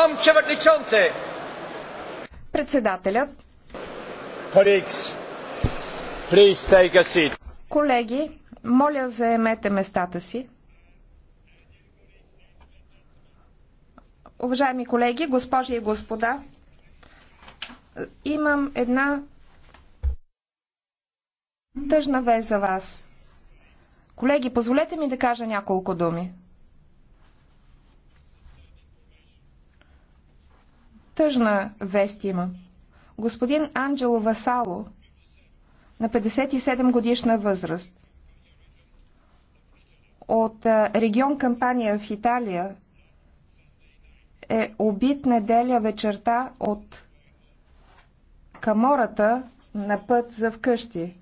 Пан Председателят. Колеги, моля заемете местата си. Уважаеми колеги, госпожи и господа, имам една тъжна вест за вас. Колеги, позволете ми да кажа няколко думи. Тъжна вест има. Господин Анджело Васало, на 57 годишна възраст, от регион Кампания в Италия, е убит неделя вечерта от камората на път за вкъщи.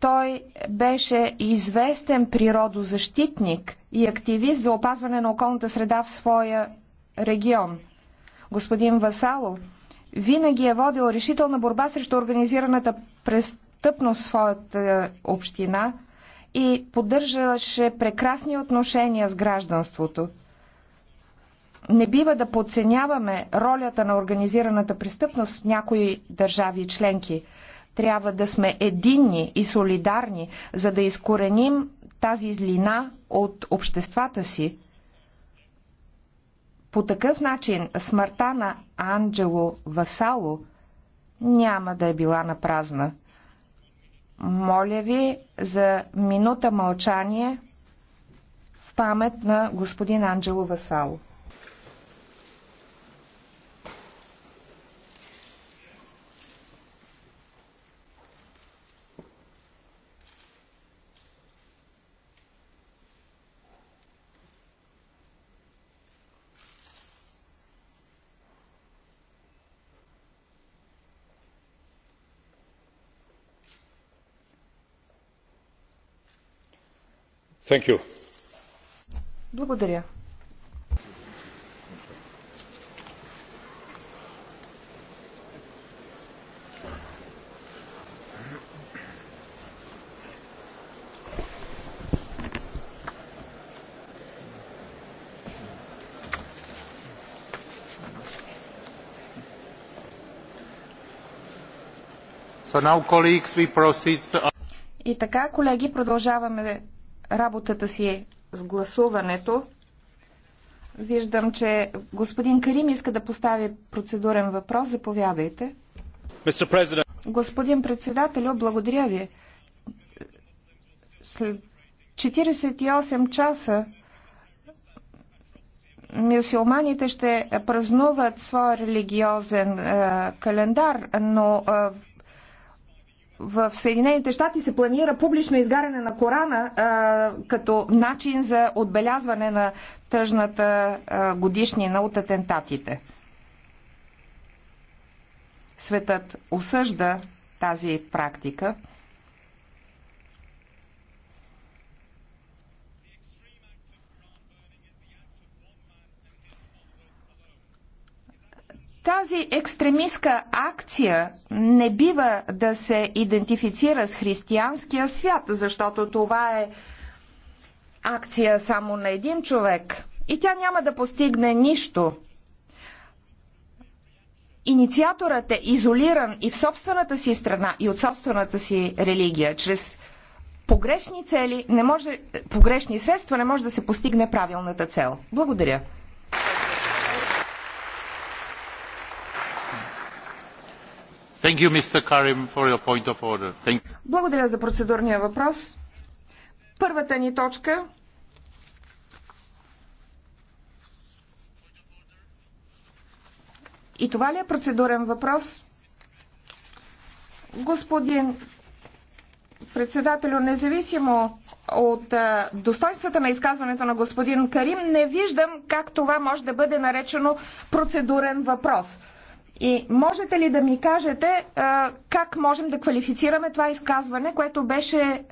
Той беше известен природозащитник и активист за опазване на околната среда в своя регион. Господин Васалов винаги е водил решителна борба срещу организираната престъпност в своята е, община и поддържаше прекрасни отношения с гражданството. Не бива да подценяваме ролята на организираната престъпност в някои държави членки – трябва да сме единни и солидарни, за да изкореним тази злина от обществата си. По такъв начин смъртта на Анджело Васало няма да е била на празна. Моля ви за минута мълчание в памет на господин Анджело Васало. Благодаря. И така, колеги, продължаваме работата си с гласуването. Виждам, че господин Карим иска да постави процедурен въпрос. Заповядайте. Господин председателю, благодаря ви. След 48 часа мюсюлманите ще празнуват своя религиозен е, календар, но е, в Съединените щати се планира публично изгаряне на Корана а, като начин за отбелязване на тъжната а, годишнина от атентатите. Светът осъжда тази практика. Тази екстремистска акция не бива да се идентифицира с християнския свят, защото това е акция само на един човек и тя няма да постигне нищо. Инициаторът е изолиран и в собствената си страна, и от собствената си религия. Чрез погрешни цели, не може, погрешни средства не може да се постигне правилната цел. Благодаря. Благодаря за процедурния въпрос. Първата ни точка И това ли е процедурен въпрос? Господин председателю, независимо от достоинствата на изказването на господин Карим, не виждам как това може да бъде наречено процедурен въпрос. И можете ли да ми кажете а, как можем да квалифицираме това изказване, което беше